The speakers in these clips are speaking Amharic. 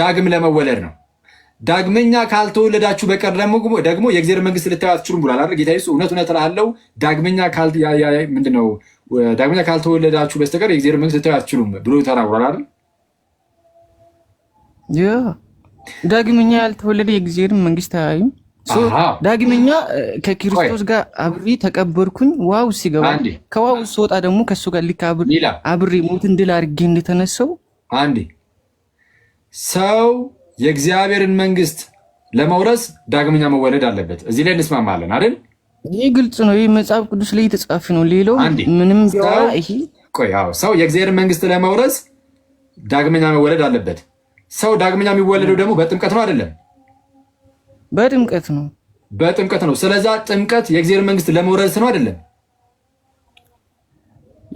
ዳግም ለመወለድ ነው። ዳግመኛ ካልተወለዳችሁ በቀር ደግሞ የእግዚአብሔር መንግስት ልታዩ አትችሉም ብሏል አይደል ጌታ ኢየሱስ። እውነት እውነት እልሃለሁ ዳግመኛ ምንድን ነው ዳግመኛ ካልተወለዳችሁ በስተቀር የእግዚአብሔር መንግስት ልታዩ አትችሉም ብሎ ተናግሯል አይደል። ዳግመኛ ያልተወለደ የእግዚአብሔር መንግስት አያዩም። ዳግመኛ ከክርስቶስ ጋር አብሬ ተቀበርኩኝ። ዋው ሲገባ ከዋው ስወጣ ደግሞ ከእሱ ጋር ልክ አብሬ ሞትን ድል አድርጌ እንደተነሳው አንዴ ሰው የእግዚአብሔርን መንግስት ለመውረስ ዳግመኛ መወለድ አለበት። እዚህ ላይ እንስማማለን አይደል? ይህ ግልጽ ነው። ይህ መጽሐፍ ቅዱስ ላይ የተጻፈ ነው። ሌላው ምንም ሰው የእግዚአብሔርን መንግስት ለመውረስ ዳግመኛ መወለድ አለበት። ሰው ዳግመኛ የሚወለደው ደግሞ በጥምቀት ነው አይደለም? በጥምቀት ነው። በጥምቀት ነው። ስለዛ ጥምቀት የእግዚአብሔር መንግስት ለመውረስ ነው አይደለም?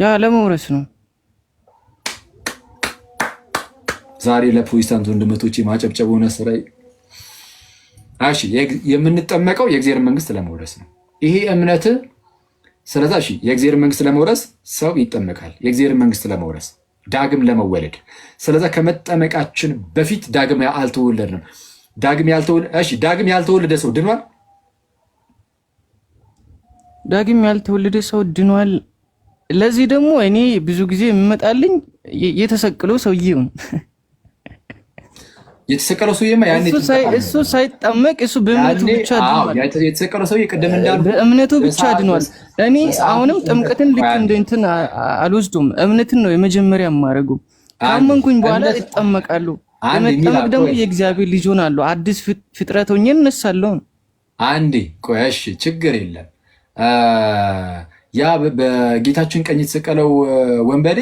ያ ለመውረስ ነው። ዛሬ ለፕሮቴስታንት ወንድመቶች የማጨብጨብ ሆነ ስራ እሺ፣ የምንጠመቀው የእግዚአብሔር መንግስት ለመውረስ ነው። ይሄ እምነት ስለዛ፣ እሺ፣ የእግዚአብሔር መንግስት ለመውረስ ሰው ይጠመቃል። የእግዚአብሔር መንግስት ለመውረስ ዳግም ለመወለድ ስለዛ፣ ከመጠመቃችን በፊት ዳግም አልተወለድንም። ዳግም ያልተወለደ ሰው ድኗል። ዳግም ያልተወለደ ሰው ድኗል። ለዚህ ደግሞ እኔ ብዙ ጊዜ የምመጣልኝ የተሰቅለው ሰውዬውን የተሰቀለው ሰው ያኔ እሱ ሳይጠመቅ እሱ በእምነቱ ብቻ ድኗል። የተሰቀለው ሰው ቅድም እንዳሉ በእምነቱ ብቻ ድኗል። እኔ አሁንም ጥምቀትን ልክ እንደ እንትን አልወስዱም። እምነትን ነው የመጀመሪያ የማደርገው። ካመንኩኝ በኋላ ይጠመቃሉ። የመጠመቅ ደግሞ የእግዚአብሔር ልጅ ሆናለሁ። አዲስ ፍጥረት ሆኜ እነሳለሁ። አንዴ ቆያሽ ችግር የለም። ያ በጌታችን ቀኝ የተሰቀለው ወንበዴ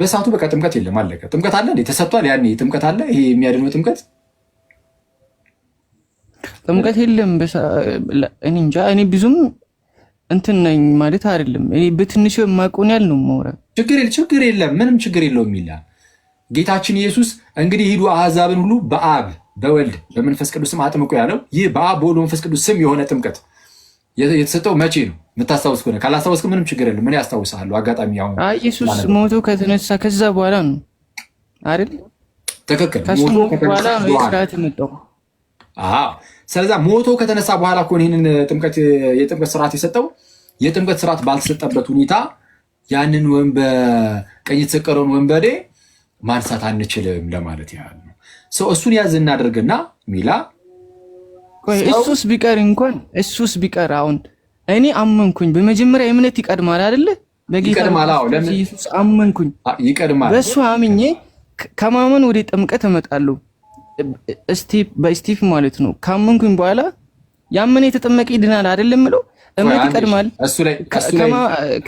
በሰዓቱ በቃ ጥምቀት የለም፣ አለቀ። ጥምቀት አለ እንዴ? ተሰጥቷል። ያኔ ጥምቀት አለ። ይሄ የሚያድነው ጥምቀት ጥምቀት የለም። እኔ እንጃ። እኔ ብዙም እንትን ነኝ ማለት አይደለም። እኔ በትንሽ የማቆን ያል ነው ማውራ ችግር የለም፣ ምንም ችግር የለውም ይላል ጌታችን ኢየሱስ። እንግዲህ ሂዱ አሕዛብን ሁሉ በአብ በወልድ በመንፈስ ቅዱስም አጥምቁ ያለው ይህ በአብ በወልድ በመንፈስ ቅዱስ ስም የሆነ ጥምቀት የተሰጠው መቼ ነው? የምታስታውስ ከሆነ ካላስታወስክ ምንም ችግር የለም። ምን ያስታውሳሉ? አጋጣሚ አሁን ኢየሱስ ሞቶ ከተነሳ ከዛ በኋላ ነው አይደል? ትክክል። ስለዛ ሞቶ ከተነሳ በኋላ እኮ ይህንን የጥምቀት ስርዓት የሰጠው የጥምቀት ስርዓት ባልተሰጠበት ሁኔታ ያንን ቀኝ የተሰቀረውን ወንበዴ ማንሳት አንችልም ለማለት ያህል ነው። ሰው እሱን ያዝ እናደርግና ሚላ እሱስ ቢቀር እንኳን እሱስ ቢቀር አሁን እኔ አመንኩኝ። በመጀመሪያ እምነት ይቀድማል አይደለ? በጌታ አመንኩኝ፣ ይቀድማል። በእሱ አምኜ ከማመን ወደ ጥምቀት እመጣለሁ፣ በስቲፍ ማለት ነው። ካመንኩኝ በኋላ ያመነ የተጠመቀ ይድናል አይደለም የምለው እምነት ይቀድማል።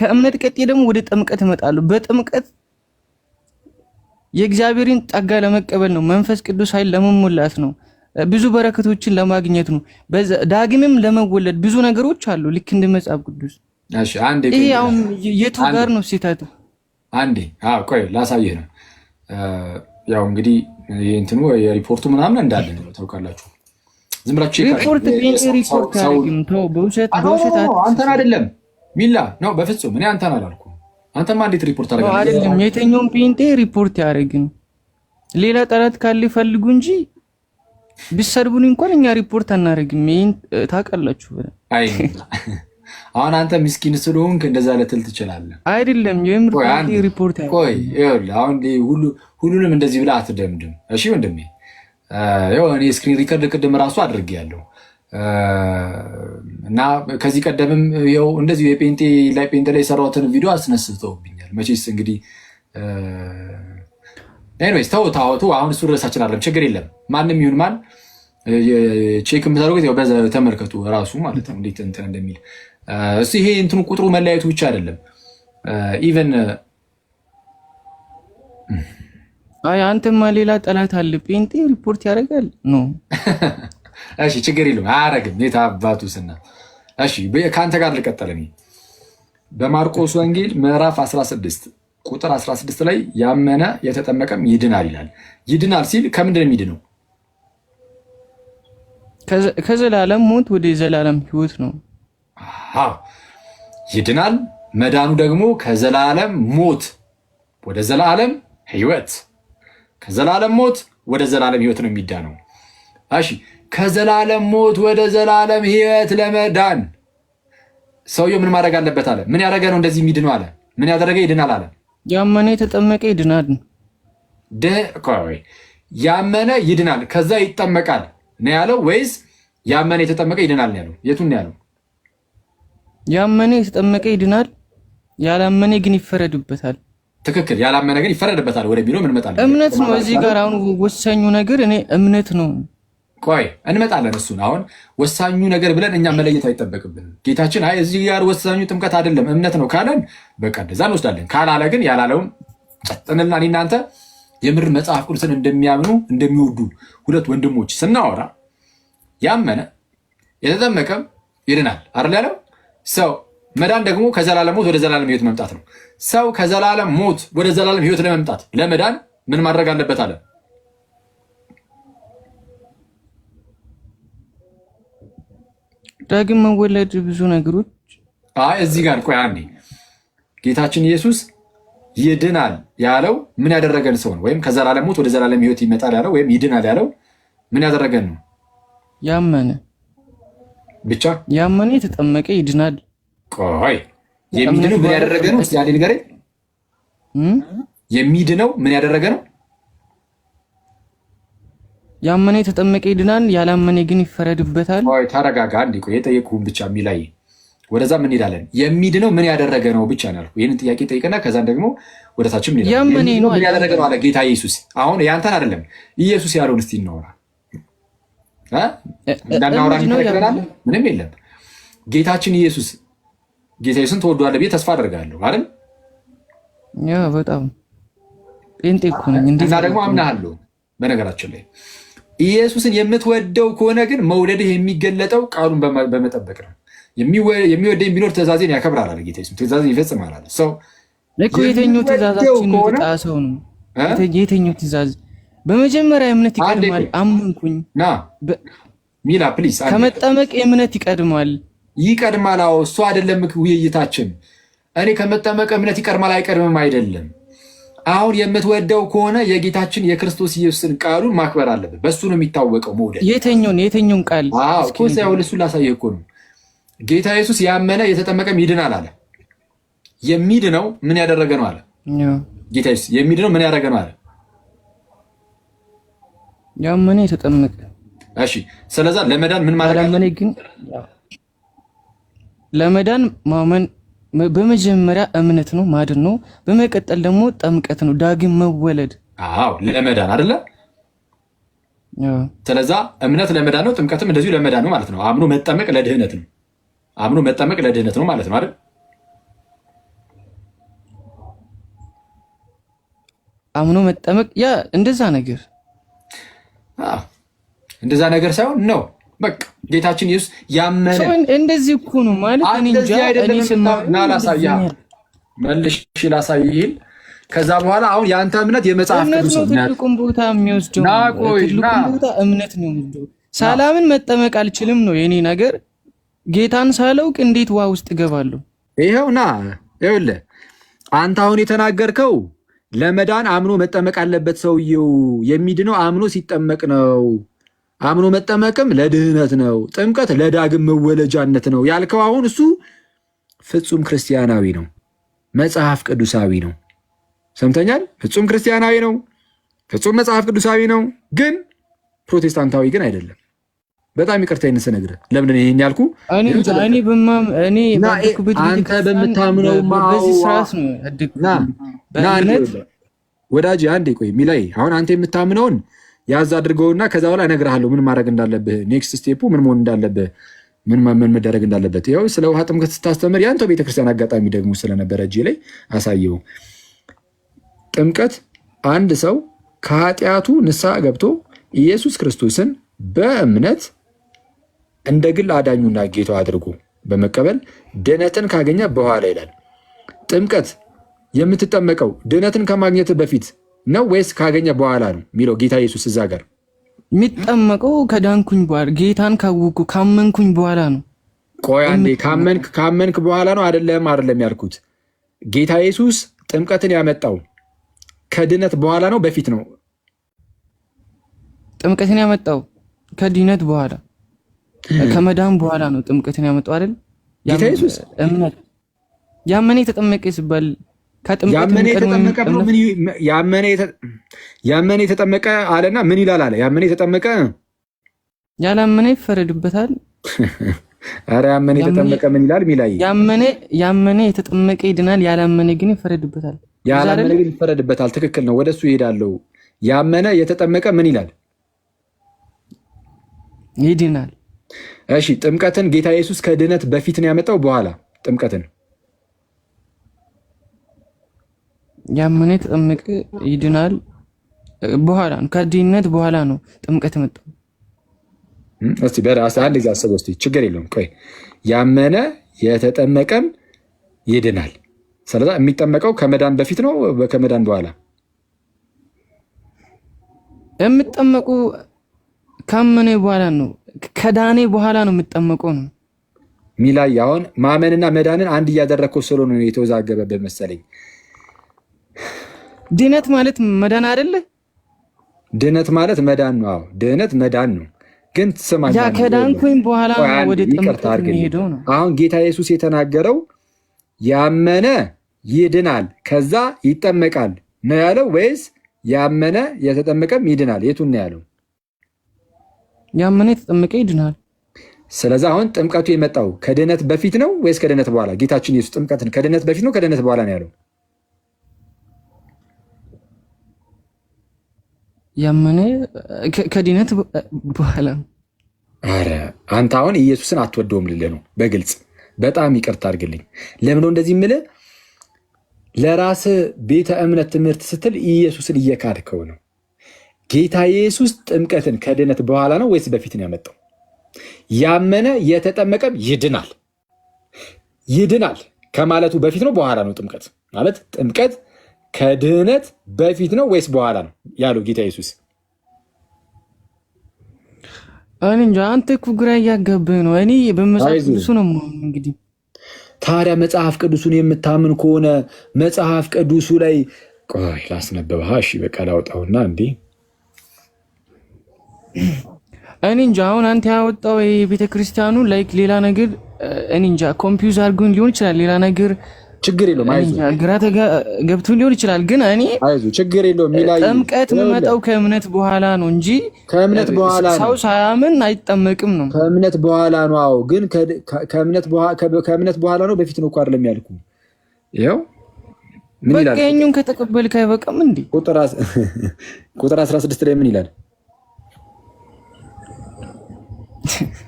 ከእምነት ቀጤ ደግሞ ወደ ጥምቀት እመጣለሁ። በጥምቀት የእግዚአብሔርን ጸጋ ለመቀበል ነው፣ መንፈስ ቅዱስ ኃይል ለመሞላት ነው። ብዙ በረከቶችን ለማግኘት ነው። ዳግምም ለመወለድ ብዙ ነገሮች አሉ። ልክ እንደ መጽሐፍ ቅዱስ ይሄ አሁን የቱ ጋር ነው ስህተቱ? አንዴ ቆይ ላሳየ ነው። ያው እንግዲህ እንትኑ የሪፖርቱ ምናምን እንዳለ ነው ታውቃላችሁ። ዝም ብላችሁ ሪፖርት ሪፖርት በውሸት በውሸት አንተን አይደለም ሚላ ነው። በፍጹም እኔ አንተን አላልኩም። አንተማ እንዴት ሪፖርት አደለም። የትኛውም ፔንቴ ሪፖርት ያደረግን ሌላ ጠረት ካለ ይፈልጉ እንጂ ቢሰድቡኝ እንኳን እኛ ሪፖርት አናደርግም። ይህን ታውቃላችሁ። አይ አሁን አንተ ምስኪን ስለሆንክ እንደዛ ልትል ትችላለህ። አይደለም ሪፖርት አሁን ሁሉንም እንደዚህ ብለህ አትደምድም። እሺ ወንድሜ፣ እኔ ስክሪን ሪከርድ ቅድም ራሱ አድርጌያለሁ እና ከዚህ ቀደምም ው እንደዚሁ የጴንጤ ላይ ጴንጤ ላይ የሰራሁትን ቪዲዮ አስነስተውብኛል። መቼስ እንግዲህ ኤኒዌይስ ተው ታወቱ። አሁን እሱ ድረሳችን አለም ችግር የለም። ማንም ይሁን ማን ቼክ የምታደርጉት ተመልከቱ ራሱ ማለት ነው እንዴት እንትን እንደሚል እሱ ይሄ እንትኑ ቁጥሩ መለያየቱ ብቻ አይደለም። ኢቨን አይ አንተማ ሌላ ጠላት አለ። ጴንጤ ሪፖርት ያደርጋል ኖ እሺ ችግር የለም አያረግም። የት አባቱ ስና። እሺ ከአንተ ጋር ልቀጠለኝ በማርቆስ ወንጌል ምዕራፍ 16 ቁጥር 16 ላይ ያመነ የተጠመቀም ይድናል ይላል። ይድናል ሲል ከምንድን ነው የሚድነው? ከዘላለም ሞት ወደ ዘላለም ህይወት ነው። ይድናል። መዳኑ ደግሞ ከዘላለም ሞት ወደ ዘላለም ህይወት፣ ከዘላለም ሞት ወደ ዘላለም ህይወት ነው የሚዳነው። እሺ፣ ከዘላለም ሞት ወደ ዘላለም ህይወት ለመዳን ሰውየው ምን ማድረግ አለበት አለ? ምን ያደረገ ነው እንደዚህ የሚድነው አለ? ምን ያደረገ ይድናል አለ? ያመነ የተጠመቀ ይድናል። ያመነ ይድናል ከዛ ይጠመቃል ነው ያለው ወይስ ያመነ የተጠመቀ ይድናል ነው ያለው? የቱን ነው ያለው? ያመነ የተጠመቀ ይድናል፣ ያላመነ ግን ይፈረድበታል። ትክክል። ያላመነ ግን ይፈረድበታል ወደሚለው ምን መጣል? እምነት ነው እዚህ ጋር አሁን ወሳኙ ነገር እኔ እምነት ነው። ቆይ እንመጣለን። እሱን አሁን ወሳኙ ነገር ብለን እኛ መለየት አይጠበቅብን። ጌታችን አይ እዚህ ጋር ወሳኙ ጥምቀት አይደለም እምነት ነው ካለን በቃ እንደዛ እንወስዳለን። ካላለ ግን ያላለውን ጸጥንና እናንተ የምር መጽሐፍ ቅዱስን እንደሚያምኑ እንደሚወዱ ሁለት ወንድሞች ስናወራ ያመነ የተጠመቀም ይድናል አይደል ያለው ሰው መዳን ደግሞ ከዘላለም ሞት ወደ ዘላለም ህይወት መምጣት ነው። ሰው ከዘላለም ሞት ወደ ዘላለም ህይወት ለመምጣት ለመዳን ምን ማድረግ አለበት አለ ዳግም መወለድ ብዙ ነገሮች። አይ እዚህ ጋር ቆይ አንዴ፣ ጌታችን ኢየሱስ ይድናል ያለው ምን ያደረገን ሰው ነው? ወይም ከዘላለም ሞት ወደ ዘላለም ሕይወት ይመጣል ያለው ወይም ይድናል ያለው ምን ያደረገን ነው? ያመነ ብቻ ያመነ የተጠመቀ ይድናል። ቆይ የሚድነው ምን ያደረገ ነው? እስኪ አንዴ ንገረኝ። የሚድነው ምን ያደረገ ነው? ያመነ የተጠመቀ ይድናል፣ ያላመነ ግን ይፈረድበታል። ተረጋጋ። እንዲ የጠየቁን ብቻ የሚላይ ወደዛ ምን እንሄዳለን። የሚድነው ምን ያደረገ ነው ብቻ ነው ያልኩህ። ይህንን ጥያቄ ጠይቅና ከዛን ደግሞ ወደታችን ምን ያደረገ ነው አለ ጌታ ኢየሱስ። አሁን ያንተን አይደለም ኢየሱስ ያለውን እስቲ እናወራ። እንዳናወራ ምንም የለም። ጌታችን ኢየሱስ ጌታ ኢየሱስን ተወዷለ ብዬ ተስፋ አደርጋለሁ አይደል? በጣም ጴንጤ እኮ ነኝ እና ደግሞ አምናሃለሁ በነገራችን ላይ ኢየሱስን የምትወደው ከሆነ ግን መውደድህ የሚገለጠው ቃሉን በመጠበቅ ነው። የሚወደ የሚኖር ትእዛዜን ያከብራል አለ ጌታ። ትእዛዜን ይፈጽማል አለ ሰው እኮ የተኛው ትእዛዛችን ነው። የተኛው ትእዛዝ በመጀመሪያ እምነት ይቀድማል። ሚላ ፕሊስ፣ ከመጠመቅ እምነት ይቀድማል ይቀድማል። አዎ እሱ አይደለም ውይይታችን። እኔ ከመጠመቅ እምነት ይቀድማል አይቀድምም አይደለም አሁን የምትወደው ከሆነ የጌታችን የክርስቶስ ኢየሱስን ቃሉን ማክበር አለብን። በሱ ነው የሚታወቀው መውደድ። የትኛውን የትኛውን ቃል እኮ ሳይሆን እሱ ላሳየህ እኮ ነው። ጌታ ኢየሱስ ያመነ የተጠመቀም ይድናል አለ። የሚድነው ምን ያደረገ ነው አለ። ጌታ ኢየሱስ የሚድነው ምን ያደረገ ነው አለ። ያመነ የተጠመቀ። እሺ፣ ስለዛ ለመዳን ምን ማድረግ ለመዳን ማመን በመጀመሪያ እምነት ነው ማድን ነው። በመቀጠል ደግሞ ጥምቀት ነው ዳግም መወለድ። አዎ ለመዳን አይደለ? ስለዛ እምነት ለመዳን ነው፣ ጥምቀትም እንደዚሁ ለመዳን ነው ማለት ነው። አምኖ መጠመቅ ለድህነት ነው። አምኖ መጠመቅ ለድህነት ነው ማለት ነው አይደል? አምኖ መጠመቅ ያ እንደዛ ነገር እንደዛ ነገር ሳይሆን ነው በቃ ጌታችን ኢየሱስ ያመነ እንደዚህ እኮ ነው ማለት መልሽ ላሳይ ይል ከዛ በኋላ አሁን የአንተ እምነት የመጽሐፍ ቅዱስ ትልቁም ቦታ የሚወስደው ትልቁም ቦታ እምነት ነው የሚወስደው። ሰላምን መጠመቅ አልችልም ነው የኔ ነገር። ጌታን ሳላውቅ እንዴት ውሃ ውስጥ እገባለሁ? ይኸው ና ይለ አንተ አሁን የተናገርከው ለመዳን አምኖ መጠመቅ አለበት ሰውየው የሚድነው አምኖ ሲጠመቅ ነው አምኖ መጠመቅም ለድህነት ነው፣ ጥምቀት ለዳግም መወለጃነት ነው ያልከው አሁን እሱ ፍጹም ክርስቲያናዊ ነው፣ መጽሐፍ ቅዱሳዊ ነው። ሰምተኛል። ፍጹም ክርስቲያናዊ ነው፣ ፍጹም መጽሐፍ ቅዱሳዊ ነው፣ ግን ፕሮቴስታንታዊ ግን አይደለም። በጣም ይቅርታ ይህን ስነግርህ ለምንድን ይህን ያልኩ አንተ በምታምነው ወዳጅ አንዴ ቆይ ሚላይ አሁን አንተ የምታምነውን ያዝ አድርገውና ከዛ በኋላ እነግርሃለሁ ምን ማድረግ እንዳለብህ፣ ኔክስት ስቴፑ ምን መሆን እንዳለብህ፣ ምን መደረግ እንዳለበት። ያው ስለ ውሃ ጥምቀት ስታስተምር ያንተው ቤተክርስቲያን አጋጣሚ ደግሞ ስለነበረ እጅ ላይ አሳየው። ጥምቀት አንድ ሰው ከኃጢአቱ ንስሐ ገብቶ ኢየሱስ ክርስቶስን በእምነት እንደ ግል አዳኙና ጌቶ አድርጎ በመቀበል ድነትን ካገኘ በኋላ ይላል። ጥምቀት የምትጠመቀው ድነትን ከማግኘት በፊት ነው ወይስ ካገኘ በኋላ ነው የሚለው ጌታ ኢየሱስ እዛ ጋር የሚጠመቀው ከዳንኩኝ በኋላ ጌታን ካወኩ ካመንኩኝ በኋላ ነው። ቆይ አንዴ ካመንክ በኋላ ነው አይደለም? አይደለም ያልኩት ጌታ ኢየሱስ ጥምቀትን ያመጣው ከድነት በኋላ ነው በፊት ነው? ጥምቀትን ያመጣው ከድነት በኋላ ከመዳን በኋላ ነው ጥምቀትን ያመጣው አይደል? ጌታ ኢየሱስ እምነት ያመነ የተጠመቀ ሲባል ያመነ የተጠመቀ አለና ምን ይላል አለ። ያመነ የተጠመቀ ያላመነ ይፈረድበታል። አረ ያመነ የተጠመቀ ምን ይላል? ሚላይ ያመነ የተጠመቀ ይድናል፣ ያላመነ ግን ይፈረድበታል። ያላመነ ግን ይፈረድበታል። ትክክል ነው። ወደሱ ይሄዳለው። ያመነ የተጠመቀ ምን ይላል? ይድናል። እሺ ጥምቀትን ጌታ ኢየሱስ ከድነት በፊት ነው ያመጣው በኋላ ጥምቀትን ያመነ የተጠመቀ ይድናል። በኋላ ነው ከድህነት በኋላ ነው ጥምቀት መጣ። እስቲ በራስ አንድ ጊዜ አስበው እስቲ። ችግር የለውም ቆይ። ያመነ የተጠመቀም ይድናል። ስለዛ የሚጠመቀው ከመዳን በፊት ነው ከመዳን በኋላ የምጠመቁ ካመነ በኋላ ነው ከዳኔ በኋላ ነው የምጠመቀው ነው ሚላይ። አሁን ማመንና መዳንን አንድ እያደረግከው ስለሆነ ነው የተወዛገበብህ መሰለኝ። ድህነት ማለት መዳን አይደለ? ድህነት ማለት መዳን ነው። አዎ ድህነት መዳን ነው። ግን ስማ ያ ከዳንኩኝ በኋላ ወደ ጥምቀት የሚሄደው ነው። አሁን ጌታ ኢየሱስ የተናገረው ያመነ ይድናል ከዛ ይጠመቃል ነው ያለው ወይስ ያመነ የተጠመቀም ይድናል? የቱን ነው ያለው? ያመነ የተጠመቀ ይድናል። ስለዚህ አሁን ጥምቀቱ የመጣው ከድህነት በፊት ነው ወይስ ከድህነት በኋላ? ጌታችን ኢየሱስ ጥምቀትን ከድህነት በፊት ነው ከድህነት በኋላ ነው ያለው? ያመነ ከድነት በኋላ አረ አንተ አሁን ኢየሱስን አትወደውም ልልህ ነው በግልጽ በጣም ይቅርታ አድርግልኝ ለምነው እንደዚህ የምልህ ለራስ ቤተ እምነት ትምህርት ስትል ኢየሱስን እየካድከው ነው ጌታ ኢየሱስ ጥምቀትን ከድነት በኋላ ነው ወይስ በፊት ነው ያመጣው ያመነ የተጠመቀም ይድናል ይድናል ከማለቱ በፊት ነው በኋላ ነው ጥምቀት ማለት ጥምቀት ከድህነት በፊት ነው ወይስ በኋላ ነው ያለው ጌታ ኢየሱስ? እኔ እንጃ። አንተ እኮ ግራ እያገብህ ነው። እኔ በመጽሐፍ ቅዱሱ ነው እንግዲህ። ታዲያ መጽሐፍ ቅዱሱን የምታምን ከሆነ መጽሐፍ ቅዱሱ ላይ ቆይ ላስነበብህ። እሺ በቃ ላውጣውና እንዲህ እኔ እንጃ። አሁን አንተ ያወጣው የቤተክርስቲያኑ ላይክ ሌላ ነገር እኔ እንጃ ኮምፒውዝ አድርጎን ሊሆን ይችላል ሌላ ነገር ችግር የለውም። አይዞህ ግራ ገብቶ ሊሆን ይችላል፣ ግን እኔ አይዞህ ችግር የለውም። ጥምቀት የሚመጣው ከእምነት በኋላ ነው እንጂ ከእምነት በኋላ ነው። ሰው ሳያምን አይጠመቅም ነው። ከእምነት በኋላ ነው። አዎ፣ ግን ከእምነት በኋላ ነው። በፊት ነው እኮ አይደለም ያልኩ። ይኸው ምን ይላል? በቀኙን ከተቀበልክ አይበቃም እንዴ? ቁጥር 16 ላይ ምን ይላል?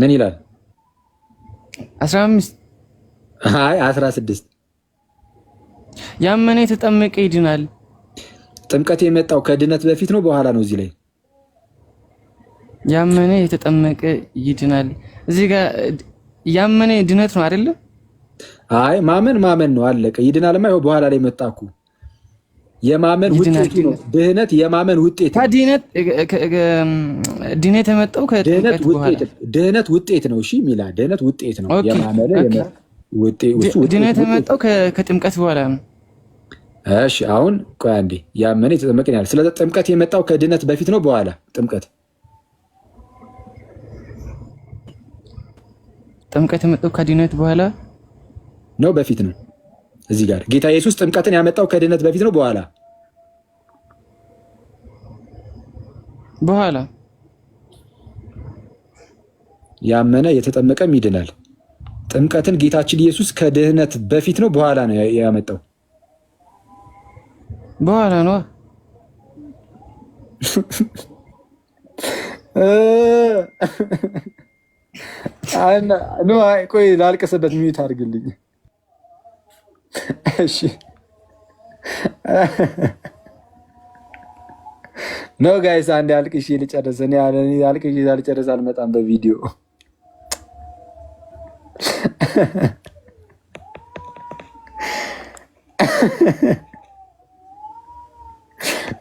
ምን ይላል? አስራ ስድስት ያመነ የተጠመቀ ይድናል። ጥምቀት የመጣው ከድነት በፊት ነው በኋላ ነው? እዚህ ላይ ያመነ የተጠመቀ ይድናል። እዚህ ጋር ያመነ ድነት ነው አይደለም? አይ ማመን ማመን ነው አለቀ። ይድናልማ ይኸው በኋላ ላይ መጣኩ የማመን ውጤቱ ነው። ድህነት የማመን ውጤት ድህነት የመጣው ድህነት ውጤት ነው። እሺ ሚላ ድህነት ውጤት ነው። ድህነት የመጣው ከጥምቀት በኋላ ነው። እሺ አሁን ቆይ አንዴ፣ ያመነ የተጠመቀን ያለ ስለ ጥምቀት የመጣው ከድህነት በፊት ነው በኋላ ጥምቀት ጥምቀት የመጣው ከድህነት በኋላ ነው በፊት ነው እዚህ ጋር ጌታ ኢየሱስ ጥምቀትን ያመጣው ከድህነት በፊት ነው በኋላ በኋላ ያመነ የተጠመቀም ይድናል። ጥምቀትን ጌታችን ኢየሱስ ከድህነት በፊት ነው በኋላ ነው ያመጣው? በኋላ ነው። ቆይ ላልቀሰበት ሚዩት አድርግልኝ። እሺ ነው ጋይስ፣ አንድ አልቅሽ ልጨርስ። እኔ አልቅሽ ልጨርስ አልመጣም በቪዲዮ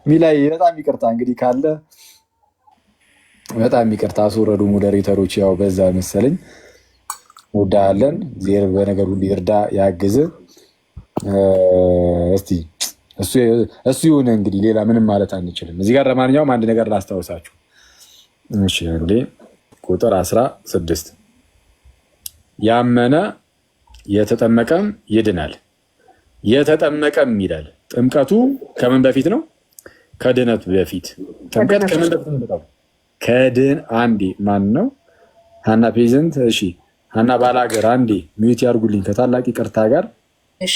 ሚላይ በጣም ይቅርታ እንግዲህ ካለ በጣም ይቅርታ። አስወረዱ ሞዴሬተሮች፣ ያው በዛ መሰለኝ። ወዳለን ዜር በነገር ሁሉ ይርዳ ያግዝ። እስቲ እሱ የሆነ እንግዲህ ሌላ ምንም ማለት አንችልም። እዚህ ጋር ለማንኛውም አንድ ነገር ላስታውሳችሁ። እንግዲህ ቁጥር አስራ ስድስት ያመነ የተጠመቀም ይድናል። የተጠመቀም ይላል። ጥምቀቱ ከምን በፊት ነው? ከድነቱ በፊት ጥምቀት ከምን አንዴ ማን ነው? ሀና ፔዘንት እሺ፣ ሀና ባላገር አንዴ ሚዩት ያርጉልኝ ከታላቅ ይቅርታ ጋር እሺ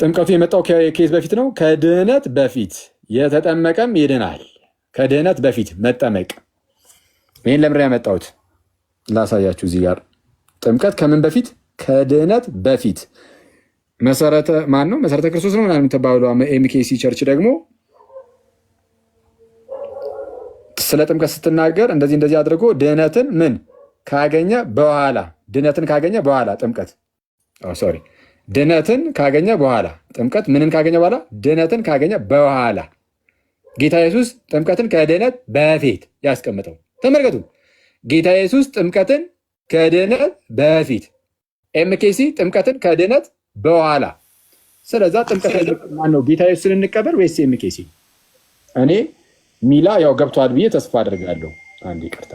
ጥምቀቱ የመጣው ከየት በፊት ነው? ከድህነት በፊት የተጠመቀም ይድናል። ከድህነት በፊት መጠመቅ። ይህን ለምር ያመጣሁት ላሳያችሁ እዚህ ጋር ጥምቀት ከምን በፊት? ከድህነት በፊት መሰረተ ማን ነው? መሰረተ ክርስቶስ ነው ምናምን ተባብለ ኤምኬሲ ቸርች ደግሞ ስለ ጥምቀት ስትናገር እንደዚህ እንደዚህ አድርጎ ድህነትን ምን ካገኘ በኋላ ድህነትን ካገኘ በኋላ ጥምቀት ሶሪ ድነትን ካገኘ በኋላ ጥምቀት ምንን ካገኘ በኋላ? ድነትን ካገኘ በኋላ ጌታ ኢየሱስ ጥምቀትን ከድህነት በፊት ያስቀምጠው። ተመልከቱ፣ ጌታ ኢየሱስ ጥምቀትን ከድህነት በፊት ኤምኬሲ ጥምቀትን ከድህነት በኋላ ስለዛ ጥምቀት ነው? ጌታ ኢየሱስን እንቀበል ወይስ ኤምኬሲ? እኔ ሚላ ያው ገብቷል ብዬ ተስፋ አድርጋለሁ። አንድ ይቅርታ